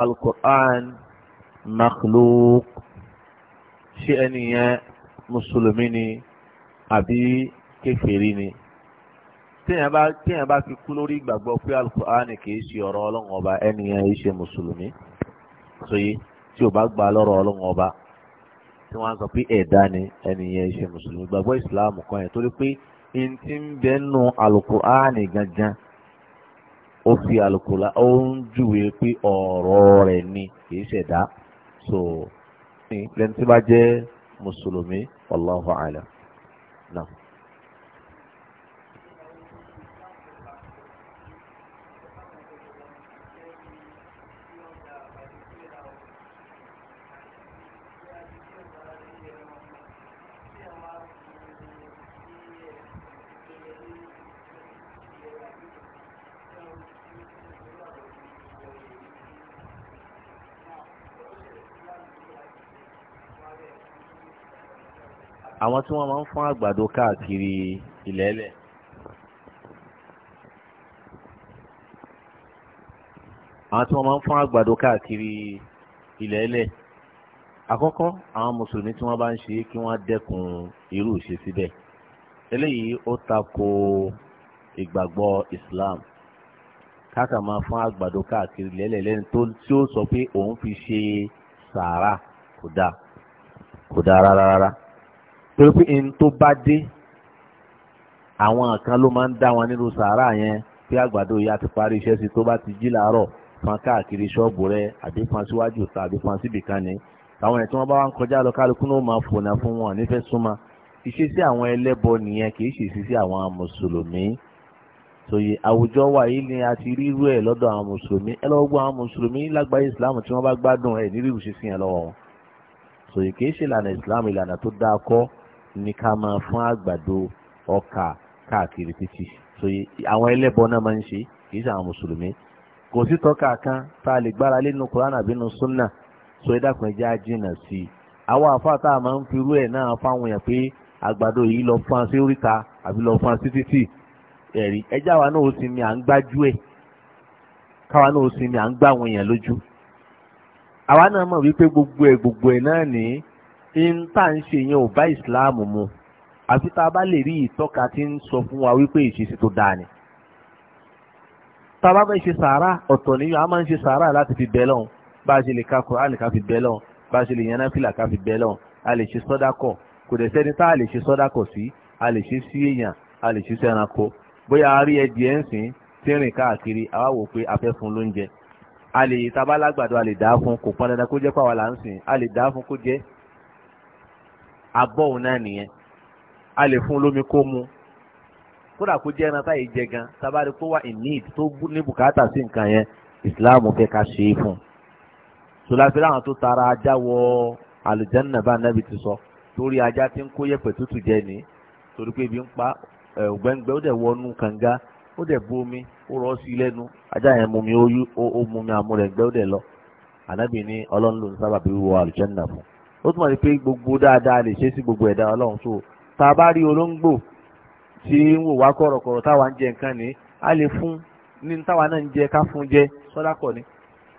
القرآن مخلوق شأنية مسلميني أبي kèfèrí ni téèyàn bá téèyàn bá fi kú lórí ìgbàgbọ́ pé alukur'ani kìí ṣe ọ̀rọ̀ ọlọ́run ọba ẹnìyàn yìí ṣe mùsùlùmí sóyè tí ò bá gba lọ́rọ̀ ọlọ́run ọba tí wọ́n á sọ pé ẹ̀dá ni ẹnìyàn yìí ṣe mùsùlùmí gbàgbọ́ ìsìláàmù kan yẹn torí pé n ń bẹ́ẹ̀ nu alukur'ani gangan ó fi àlùkùlá ó ń júwe pé ọ̀rọ̀ rẹ̀ ni kì í ṣẹ̀dá so lẹ́ni tí bá jẹ́ mùsùlùmí Allahu alam náà. àwọn tí wọ́n máa ń fún àgbàdo káàkiri ilẹ̀ẹ́lẹ̀. àwọn tí wọ́n máa ń fún àgbàdo káàkiri ilẹ̀ẹ́lẹ̀. àkọ́kọ́ àwọn mùsùlùmí tí wọ́n bá ń ṣe kí wọ́n dẹ́kun irú ìṣe síbẹ̀. eléyìí ó tako ìgbàgbọ́ Islam káàkà máa fún àgbàdo káàkiri ilẹ̀ẹ́lẹ̀ lẹ́ni tí ó sọ pé òun fi ṣe sàárà kódà kódà rárá rárá torí pé n tó bá dé àwọn kan ló máa ń dá wọn nínú sàárà yẹn pé àgbàdo yìí a ti parí iṣẹ́ sí tó bá ti jí làárọ̀ fan káàkiri ṣọ́ọ̀bù rẹ àbí fan síwájú ta àbí fan síbì kan àwọn ẹ̀ tí wọ́n bá wá ń kọjá lọ kálukú náà máa fònà fún wọn nífẹ̀ẹ́ súnmọ́ ìṣesí àwọn ẹlẹ́bọ nìyẹn kì í ṣe ìṣesí àwọn mùsùlùmí tòye àwùjọ wa yìí ni a ti rírú ẹ̀ lọ́dọ̀ àwọn mùsùlùmí ẹ lọ́wọ́ gbọ́ àwọn mùsùlùmí lágbàáyé ìsìláàmù tí wọ́n bá gbádùn ẹ̀ nírú ìṣesí yẹn lọ́wọ́ tòye kì í ṣe ìlànà ìsìláàmù ìlànà tó dáa kọ́ Ni ká máa fún àgbàdo ọkà káàkiri títí so àwọn ẹlẹ́bọ náà máa ń ṣe kì í ṣe àwọn mùsùlùmí kò sí tọ́ka kan tá a lè gbára lé nínú Kùránì àbí nínú súnà so ẹ dákun ẹjẹ́ àjìnà sí i àwọn àfáà tá a máa ń fi irú ẹ̀ náà fáwọn yẹn pé àgbàdo yìí lọ fún asé oríta àbí lọ fún asé títì ẹ̀rí ẹjẹ́ àwa náà ó sì mi à ń gbájú ẹ̀ káwa náà ó sì mi à ń gbá àwọn èèyàn lójú àwa náà mọ̀ wípé gbogbo ẹ̀ gbogbo ẹ̀ náà nìyí n tá à ń ṣe yẹn ò bá ìsìláàmù mu àfi tá a bá lè rí ìtọ́ka tí ń sọ fún wa wípé ìṣesí tó dáa ni. tá a bá fẹ́ ṣe sàárà ọ̀tọ̀ nìyẹn a máa ń ṣe sàárà láti fi bẹ́ẹ̀ lọ́hùn bá a ṣe lè ka Kùránì ká fi bẹ́ẹ̀ lọ́hùn bá a ṣe lè yan náfìlà ká fi bẹ́ẹ̀ lọ́hùn a lè ṣe sọ́dákọ̀ kò dẹ̀ sẹ́ni tá a lè ṣe sọ́dákọ̀ sí a lè ṣe sí èèyàn a lè ṣe sí bóyá a rí ẹdìẹ ń sìn tí ń rìn káàkiri àwa wò pé a fẹ́ fún lóúnjẹ a lè tabalágbàdo a lè dá fún kò pọn dandan kó jẹ́ pàwọn là ń sìn a lè dá fún kó jẹ́ abọ́ òun náà nìyẹn a lè fún lómi kó mu kódà kó jẹ́ ẹran táyé jẹ gan tábàárí kó wà in need tó ní bùkátà sí nǹkan yẹn islam fẹ́ ká ṣe é fún un sọláfẹ́ láwọn tó tara ajá wọ àlùjánnà bá nàbì ti sọ torí ajá tí ń kó yẹ̀pẹ̀ tútù jẹ ní torí pé ibi ń pa ọ̀gbẹ́ngbẹ́ ó dẹ̀ wọnú kànga ó dẹ̀ bu omi ó rọ́ sí lẹ́nu ajá yẹn mumi ó mumi àmúrẹ̀gbẹ́ ó dẹ̀ lọ ànábì ní ọlọ́run ló ń sábà bí wọ àlùjánnà fún un ó túmọ̀ sí pé gbogbo dáadáa lè ṣe sí gbogbo ẹ̀dá ọlọ́run so tá a bá rí olóńgbò tí ń wò wá kọ̀rọ̀kọ̀rọ̀ táwa ń jẹ nǹkan ní a lè fún ní táwa náà ń jẹ ká fún jẹ sọ́dá kọ̀ ni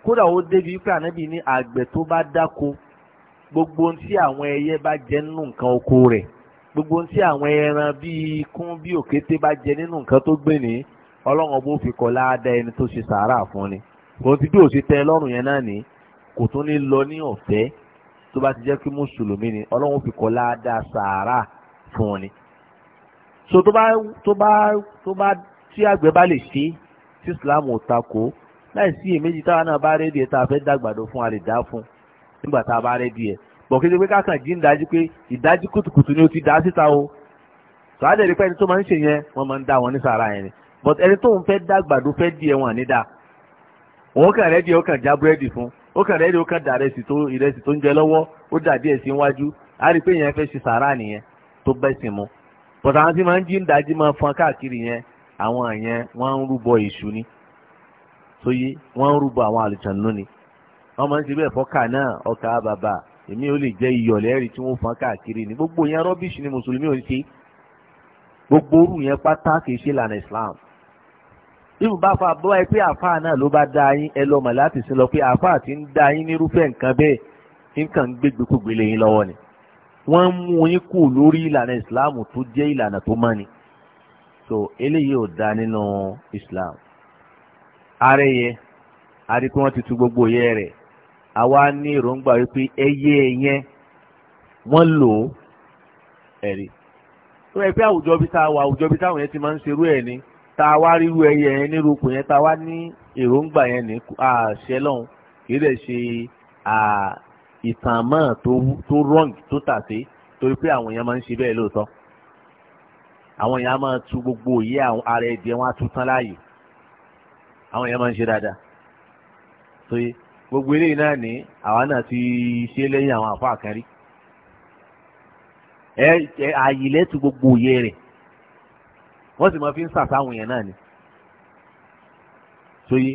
kódà ó débi wípé ànábì ní àgbẹ̀ tó bá dáko gbogbo ohun tí àwọn ẹyẹ bá jẹ nínú nǹkan oko rẹ̀ gbogbo ohun tí àwọn ẹran bíi ikún bíi òkété bá jẹ nínú nǹkan tó gbìn ní ọlọ́run ọba ó fi kọ́ ẹni tó ṣe sàárà fún ni òun ti bí òṣìṣẹ́ lọ́rùn yẹn náà ní kò tún ní lọ ní ọ̀fẹ́ tó bá ti jẹ́ pé mùsùlùmí ni ọlọ́run fi kọ́ ládàá sàárà fún wọn ni. so tó bá tó bá tó bá tí àgbẹ̀ bá lè ṣe tí islam ò takò láì sí èméjì táwa náà bá rédíò tá a fẹ́ dàgbàdo fún a lè dá fún nígbà tá a bá rédíò bọ̀ kí ni pé kákan jí ń dájú pé ìdájí kùtùkùtù ni ó ti dá síta o sàádẹ̀ rí pé ẹni tó máa ń ṣe yẹn wọ́n máa ń dá wọn ní sàárà yẹn ni but ẹni tó ń fẹ́ dàgbàdo fẹ́ díẹ̀ wọn ànídà òun kàn rẹ́díò kàn já búrẹ́dì fún ó kàn rẹ́ẹ̀dì ó kàn dà rẹ̀ sì tó ìrẹsì tó ń jẹ lọ́wọ́ ó dà díẹ̀ sí iwájú á rí i pé yẹn fẹ́ ṣe sàárà nìyẹn tó mu bọ̀dà àwọn tí máa ń jí ń dájí máa fọn káàkiri yẹn àwọn yẹn wọ́n ń ni tó yé wọ́n ń rúbọ àwọn ni wọ́n máa ń ṣe bẹ́ẹ̀ fọ́kà náà ọkà bàbà èmi ò lè jẹ́ tí wọ́n fọn káàkiri ni gbogbo yẹn rọ́bìṣì ni mùsùlùmí ò gbogbo orú yẹn ṣe Islam irun bá fa bọ́ ẹ pé àáfàá náà ló bá da yín ẹ lọ́mọ láti sin lọ pé àáfàá ti ń da yín nírúfẹ́ nǹkan bẹ́ẹ̀ nǹkan ń gbégbé kó gbélé yín lọ́wọ́ ni wọ́n ń mú yín kù lórí ìlànà ìsìláàmù tó jẹ́ ìlànà tó mọ́ni so eléyìí ò da nínú islam arẹyẹ àti pé wọ́n ti tu gbogbo yẹ rẹ̀ àwa ní èròǹgbà wípé ẹyẹ yẹn wọ́n lò ó ẹ̀rí tó ẹ pé àwùjọ bíi tá àwùjọ bíi táwọn yẹn ti máa ń ṣerú ẹ̀ ni tá a wá ríru ẹyẹ yẹn nírú ipò yẹn tá a wá ní èròǹgbà yẹn ní àṣẹ lọ́hùn kì í lè ṣe ìtànmọ́ tó wrong tó tàsé torí pé àwọn èèyàn máa ń ṣe bẹ́ẹ̀ lóòótọ́ àwọn èèyàn máa tu gbogbo òye ara ẹ̀dẹ̀ wọn á tún tán láàyè àwọn èèyàn máa ń ṣe dáadáa so gbogbo eléyìí náà ní àwa náà ti ṣe lẹ́yìn àwọn àfọ àkànrí ẹ àyè lẹ́tù gbogbo òye rẹ̀ wọ́n sì máa fi ń sàtàwọn yẹn náà ni sóyè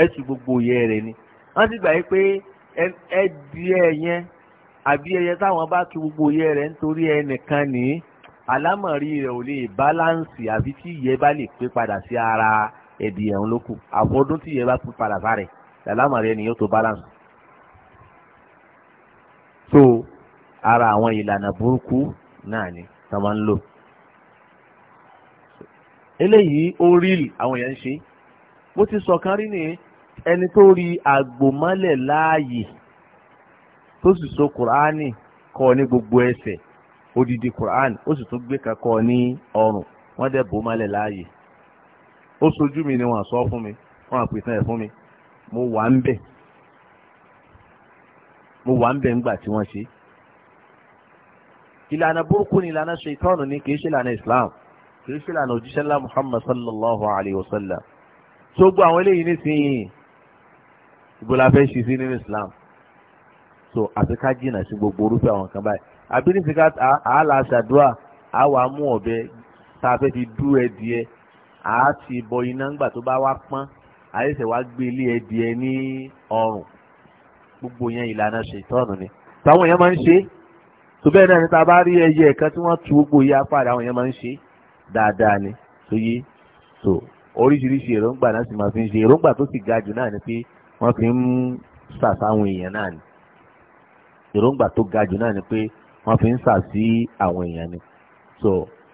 ẹ̀sù gbogbo yẹ rẹ̀ ni wọ́n ti gbà yí pé ẹ̀dìẹ yẹn àbí ẹyẹ táwọn bá kí gbogbo yẹ rẹ̀ nítorí ẹnìkan ní àlámọ̀rí rẹ̀ ò lè báláǹsì àbí tí ìyẹ́ bá lè pé padà sí ara ẹ̀dìẹ ń lókù àfọdún tí ìyẹ́ bá pé padà sára ẹ̀ àlámọ̀rí ẹni tó báláǹsì. so ara àwọn ìlànà burúkú náà ni tá máa ń lò. eléyìí ó ríìlì àwọn èèyàn ń ṣe mo ti sọ kan rí ni ẹni tó rí àgbò láàyè tó sì so kùránì kọ́ ní gbogbo ẹsẹ̀ odidi kùránì ó sì tún gbé ka ko ní ọrùn wọ́n dẹ̀ bò mọ́lẹ̀ láàyè ó sojú mi ni wọ́n sọ fún mi wọ́n àpètè fún mi mo wà ń bẹ̀ mo wà ń bẹ̀ ńgbà tí wọ́n ṣe ìlànà burúkú ni ìlànà ṣe ìtọ́nù ni kì í ṣe ìlànà Islam. kìí ṣe lànà òjíṣẹ́ ńlá Muhammad sallallahu alayhi wa sallam tó gbọ́ àwọn eléyìí nísìnyìí ìbò fẹ́ ṣe sí nínú Islam so àfi ká jìnnà sí gbogbo orúfẹ́ àwọn kan báyìí àbí ní sika àhàlà àṣàdúrà àwà mú ọ̀bẹ tá a fẹ́ fi dú ẹdìẹ àá ti bọ iná ńgbà tó bá wá pọ́n àyẹ̀sẹ̀ wá gbé ilé ẹdìẹ ní ọrùn gbogbo yẹn ìlànà ṣètọ́nù ni táwọn yẹn máa ń ṣe tó bẹ́ẹ̀ náà ni tá bá rí ẹyẹ ẹ̀kan tí wọ́n tu gbogbo yẹ apá rẹ̀ àwọn yẹn máa ń ṣe dáadáa ni tó yé so oríṣiríṣi èròǹgbà náà sì máa fi ń ṣe èròǹgbà tó sì ga jù náà ni pé wọ́n fi ń sàsáwọn èèyàn náà ni èròǹgbà tó ga jù náà ni pé wọ́n fi ń sà sí àwọn èèyàn ni so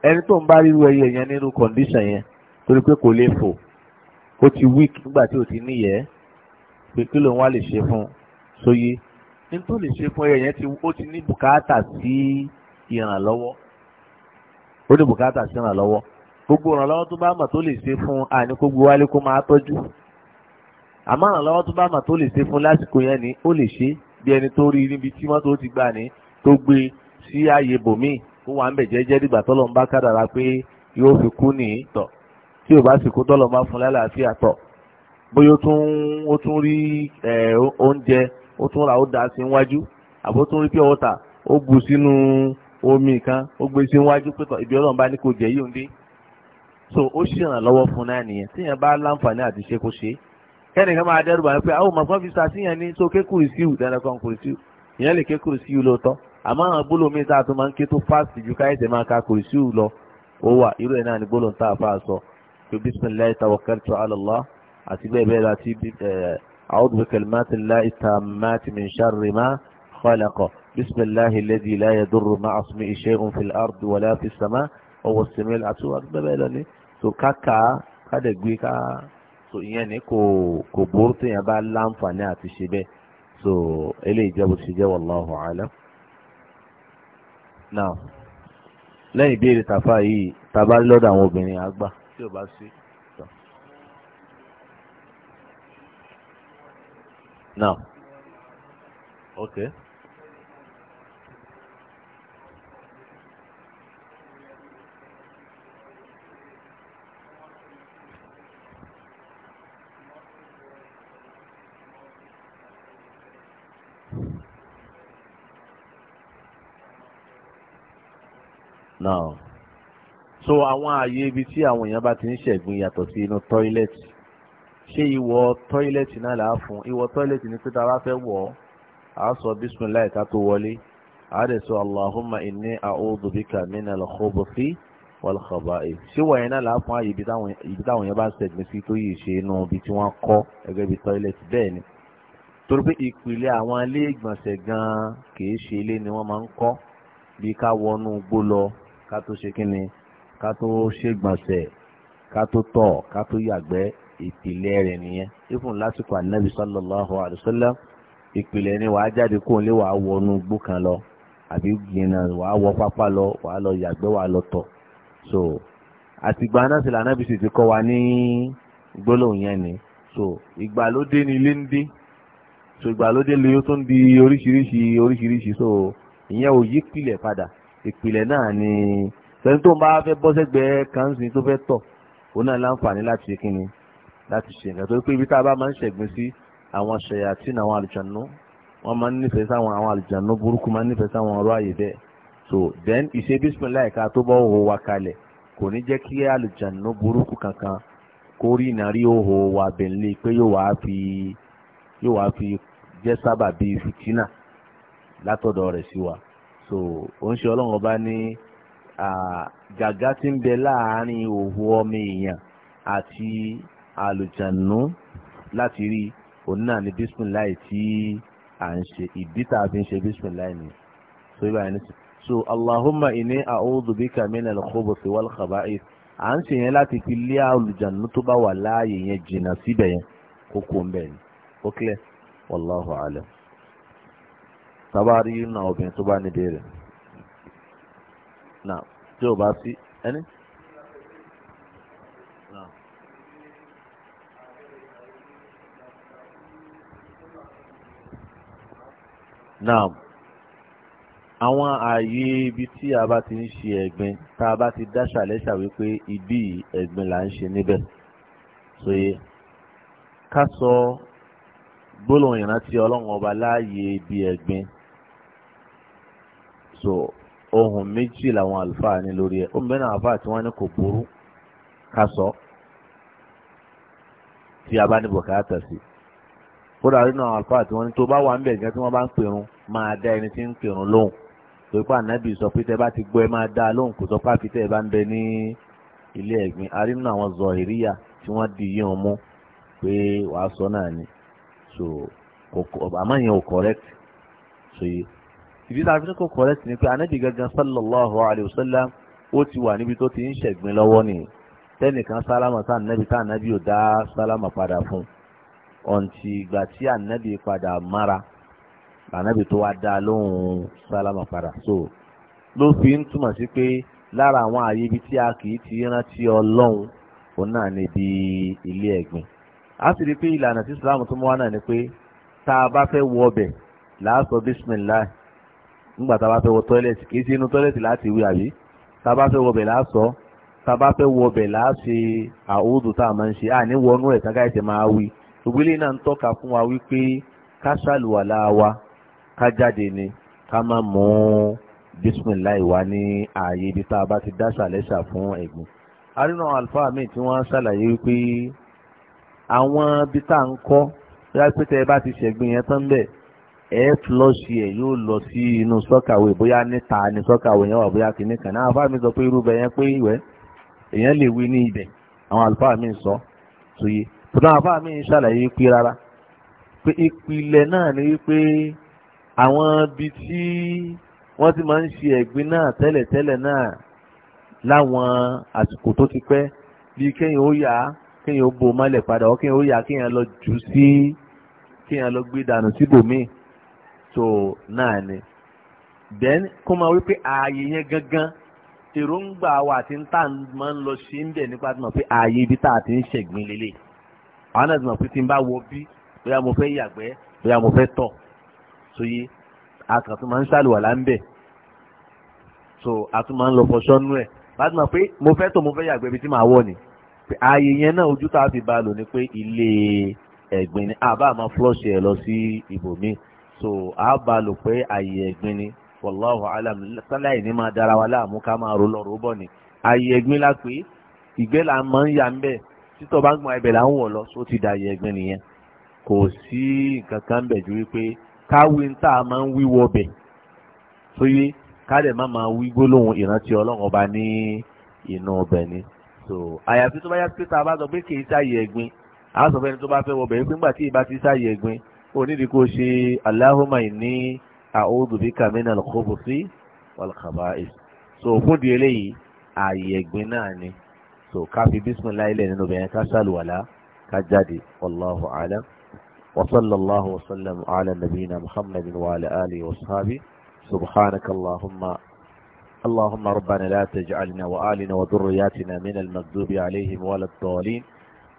ẹni tó ń bá ríru ẹyẹ yẹn nínú condition yẹn torí pé kò lè fò ó ti weak nígbà tí ò ti níyẹ̀ẹ́ pé kí ló ń wá lè ṣe fún un sóyé ní tó lè ṣe fún ẹyẹ yẹn ó ti ní bùkátà sí ìrànlọ́wọ́ ó ní bùkátà sí ìrànlọ́wọ́ gbogbo ìrànlọ́wọ́ tó bá mọ̀ tó lè ṣe fún àní gbogbo wálé kó máa tọ́jú àmọ́ ìrànlọ́wọ́ tó bá mọ̀ tó lè ṣe fún lásìkò yẹn ni ó lè ṣe bí ẹni tó rí níbi tí mọ́tò ti gbà ní tó gbé sí ààyè bòmíì ó wà ń bẹ̀ jẹ́jẹ́ dìgbà tọ́lọ̀ ń bá kádàrà pé yóò fi kú ní tọ̀ tí ò bá sì kú tọ́lọ̀ bá fún lálàáfíà tọ̀ bóyá ó tún rí omi kan ó gbé sí iwájú pé ibi ọlọ́run bá ní kò jẹ́ yóò dé so ó ṣèrànlọ́wọ́ fún náà nìyẹn tíyẹn bá láǹfààní àti ṣe kó ṣe kẹ́nìkan máa dẹ́rù bàá pé àwọn màfọ́n fi ṣàtìyàn ní so kékeré síwù dandan kan kúrò síwù ìyẹn lè kékeré síwù lóòótọ́ àmọ́ àwọn gbólómi tá a tún máa ń ké tó fásitì ju káyọ̀tẹ̀ máa ka kúrò síwù lọ ó wà irú ẹ̀ náà ni gbólóhùn tá a fà sọ pé bisimilayi tawakkaltu ala Allah àti bẹ́ẹ̀ bẹ́ẹ̀ láti a'udhu bi kalimati llahi tammati min sharri بسم الله الذي لا يضر مع اسمه شيء في الارض ولا في السماء وهو السميع العليم bẹ́ẹ̀ lọ ni so káka káde gbé ká so ìyẹn ni kò kò burú téèyàn bá láǹfààní àti ṣe bẹ́ẹ̀ so eléyìí jẹ́ bó ṣe jẹ́ wallahu alam. now lẹ́yìn ìbéèrè tàfà yìí tàbá lọ́dọ̀ àwọn obìnrin àgbà tí ò bá sí. now okay. náà so àwọn ààyè ibi tí àwọn èèyàn bá ti ń ṣẹ̀gbìn yàtọ̀ sí inú tọ́ílẹ̀tì ṣé ìwọ tọ́ílẹ̀tì náà là á fún ìwọ tọ́ílẹ̀tì ní pé tá a bá fẹ́ wọ̀ ọ́ a sọ bísúnláì ká tó wọlé a dẹ̀ sọ allahumma inni a'udhu bika minal khubuthi wal khaba'ith ṣé wọ̀nyẹn náà là á fún ààyè ibi táwọn èèyàn bá ń ṣẹ̀gbìn sí tó yìí ṣe inú ibi tí wọ́n kọ́ gẹ́gẹ́ bí tọ́ílẹ̀tì bẹ́ẹ̀ ni torí pé ìpìlẹ̀ àwọn ilé ìgbọ̀nsẹ̀ gan-an kì í ṣe ilé ni wọ́n máa ń kọ́ bí ká wọnú gbó lọ ká tó ṣe kí ni ká tó ṣègbọ̀nsẹ̀ ká tó tọ̀ ká tó yàgbẹ́ ìpìlẹ̀ rẹ̀ nìyẹn ifun lásìkò anabi sallallahu alayhi wa sallam ìpìlẹ̀ ni wàá jáde kó lé wàá wọnú gbó kan lọ àbí gbìyànjú wàá wọ pápá lọ wàá lọ yàgbẹ́ wàá lọ tọ̀ so àtìgbà náà sì lànà bìsì ti kọ́ wa ní gbólóhùn yẹn ni so ìgbàlódé ni ilé ń dé so ìgbàlódé lè yóò tún di oríṣiríṣi oríṣiríṣi so ìyẹn ò yí pìlẹ̀ padà ìpìlẹ̀ náà ni sẹ́ni tó ń bá fẹ́ bọ́ sẹ́gbẹ̀ẹ́ kanṣu tó fẹ́ tọ̀ òun náà láǹfààní láti ṣe kíni láti ṣe nǹkan tó pé ibi tá a bá máa ń ṣẹ̀gbìn sí àwọn ṣẹ̀yà tí àwọn àlùjànnú wọ́n máa ń nífẹ̀ẹ́ sáwọn àwọn àlùjànnú burúkú máa ń nífẹ̀ẹ́ sáwọn ọ̀rọ̀ àyè bẹ́ẹ̀ so then ìṣe bísímìlá ìka tó bọ́ òhò wa kalẹ̀ kò ní jẹ́ kí àlùjànnú burúkú kankan kó rí ìnárí òhò wa bẹ̀ńlẹ̀ pé yóò wá fi yóò wá fi jẹ́ sábà bíi fìtínà látọ̀dọ̀ rẹ̀ sí wa so òun ṣe ọlọ́run ọba ní gàgá tí ń bẹ láàárín òhù ọmọ èèyàn àti àlùjànnú láti rí òun náà ní bísímìláì tí à ń ṣe ìdí tá a fi ń ṣe bísímìláì ni so ibà yẹn nísìnyí so allahumma inni a'udhu bika minal khubuthi wal khaba'ith à ń ṣe yẹn láti fi lé àlùjànnú tó bá wà láàyè yẹn jìnnà síbẹ̀ yẹn kókó ń bẹ̀ ni ó kílẹ̀ wallahu alam tabari náà obìnrin tó bá ní béèrè náà tí ò bá sí ẹni. náà àwọn ààyè ibi tí a bá ti ń ṣe ẹ̀gbin tá a bá ti dá ṣàlẹ́ṣà wípé ibi ẹ̀gbin là ń ṣe níbẹ̀ sóye ká sọ gbólóhùn ìrántí ọlọ́run ọba láàyè ibi ẹ̀gbin so ohun méjì làwọn àlùfáà ní lórí ẹ̀ ó ń bẹ́ẹ̀ náà àlùfáà tí wọ́n ní kò burú ká sọ tí a bá ní bùkátà sí kódà nínú àwọn àlùfáà tí wọ́n ní tó bá wà ń bẹ̀ gẹ́gẹ́ tí wọ́n bá ń pèrun máa dá ẹni tí ń pèrun lóhùn pé pa ànábì sọ pé tẹ bá ti gbọ́ ẹ máa dá lóhùn kò sọ pé àfi tẹ ẹ bá ń bẹ ní ilé ẹ̀gbìn arí nínú àwọn zọ̀hìríyà tí wọ́n di yíyan mú pé wàá sọ náà ni so àmọ́ yẹn ò correct so yìí ìdí tá a fi ní kò correct ni pé anábì gangan sallallahu alayhi wa sallam ó ti wà níbi tó ti ń ṣẹ̀gbìn lọ́wọ́ ni tẹ́nìkan sálámà tá ànábì tá ànábì ò dá sálámà padà fún ọ̀ǹtì ìgbà tí ànábì padà mára ànábì tó wá dá lóhùn sálámà padà so ló fi ń túmọ̀ sí pé lára àwọn ààyè ibi tí a kì í ti rántí ọlọ́run òun náà ni ibi ilé ẹ̀gbìn a sì rí pé ìlànà tí Islam tó mú wá náà ni pé tá a bá fẹ́ wọ ọbẹ̀ làá sọ nígbà tá a bá fẹ́ wọ tọ́lẹ̀tì kì í sí inú tọ́lẹ̀tì láti wí àbí tá a bá fẹ́ wọ bẹ̀ lásọ tá a bá fẹ́ wọ bẹ̀ láṣe àwòdù tá a máa ń ṣe àní wọnú ẹ̀ ká káyọ̀tẹ̀ máa wí gbogbo ilé náà ń tọ́ka fún wa wípé ká ṣàlùwàlá wa ká jáde ni ká má mú bísímìláì wá ní ààyè ibi tá a bá ti dáṣà lẹ́ṣà fún ẹ̀gbìn arínà àlùfáà míì tí wọ́n ṣàlàyé wípé àwọn ibi tá à ń kọ́ bí wọ́n tẹ́ ẹ bá ti ṣẹ̀gbìn yẹn tán bẹ́ẹ̀ ẹ flọ́ọ̀ṣì ẹ̀ yóò lọ sí inú sọ́kàwé bóyá níta ni sọ́kàwé yẹn wà bóyá kìíní kan náà àlùfáà mi sọ pé irú bẹ̀ yẹn pé ìwẹ́ èèyàn lè wí ní ibẹ̀ àwọn àlùfáà mi sọ tóye tó náà àlùfáà mi ń ṣàlàyé pé rárá pé ìpìlẹ̀ náà ni wípé àwọn ibi tí wọ́n ti máa ń ṣe ẹ̀gbin náà tẹ́lẹ̀tẹ́lẹ̀ náà láwọn àsìkò tó ti pẹ́ bíi kéèyàn ó yá kéèyàn ó bo mọ́lẹ̀ padà ó kéèyàn ó yá kéèyàn lọ jù sí kéèyàn lọ gbé dànù síbòmíì so náà ni then kó máa wí pé ààyè yẹn gangan èròǹgbà wa àti níta máa ń lọ sí ń nípa tí mo pé ààyè ibi tá a ti ń ṣẹ̀gbìn lélẹ̀ àwọn náà ti mọ̀ pé tí n bá wọ bí bóyá mo fẹ́ yàgbẹ́ bóyá mo fẹ́ tọ̀ sóyè akàn tó máa ń ṣàlùwàlá ń so a tún máa ń lọ fọṣọ nú ẹ̀ bá ti mọ̀ pé mo fẹ́ tọ̀ mo fẹ́ yàgbẹ́ ibi tí màá wọ̀ ni ààyè yẹn náà ojú tá a fi ba lò ní pé ilé ẹ̀gbìn ni àbá máa flush ẹ̀ lọ sí ibòmíì so a bá lò pé àyè ẹ̀gbin ni wàláhù alam sáláì ní máa dára wa láàmú ká máa ro lọ́rọ̀ bọ̀ ni àyè ẹ̀gbin la pé ìgbẹ́ la máa ń yà ń bẹ̀ títọ́ bá gbọ́n ẹbẹ̀ là ń wọ̀ lọ só ti dà àyè ẹ̀gbin nìyẹn kò sí nǹkan kan bẹ̀ ju wípé káwé ń tà máa ń wíwọ bẹ̀ tó yé má máa wí gbólóhùn ìrántí ọlọ́run ọba ní inú ọbẹ̀ ni so àyàfi tó bá yá pé tá sọ pé kì í sáyè ẹ̀gbin àá sọ fẹ́ni tó bá fẹ́ wọ bẹ̀ pé ńgbà tí ì bá ti sáyè ẹ̀gbin onídìí kò ṣe Allahumma inni a'udhu bika minal khubuthi wal khaba'ith so fún di eléyìí ààyè ẹ̀gbin náà ni so ká fi bísímìlá ilẹ̀ nínú bẹ̀yẹn ká ṣàlùwàlá ká jáde wallahu alam wa sallallahu wa sallam ala nabiyina muhammadin wa ala alihi wa sahabi subhanaka allahumma اللهم ربنا لا تجعلنا وآلنا وذرياتنا من المكذوب عليهم ولا الضالين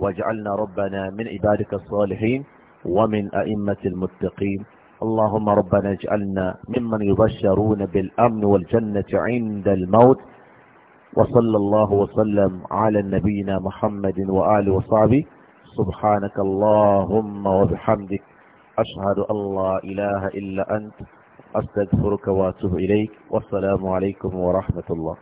واجعلنا ربنا من عبادك الصالحين ومن أئمة المتقين اللهم ربنا اجعلنا ممن يبشرون بالأمن والجنة عند الموت وصلى الله وسلم على نبينا محمد وآله وصحبه سبحانك اللهم وبحمدك أشهد أن لا إله إلا أنت أستغفرك وأتوب إليك والسلام عليكم ورحمة الله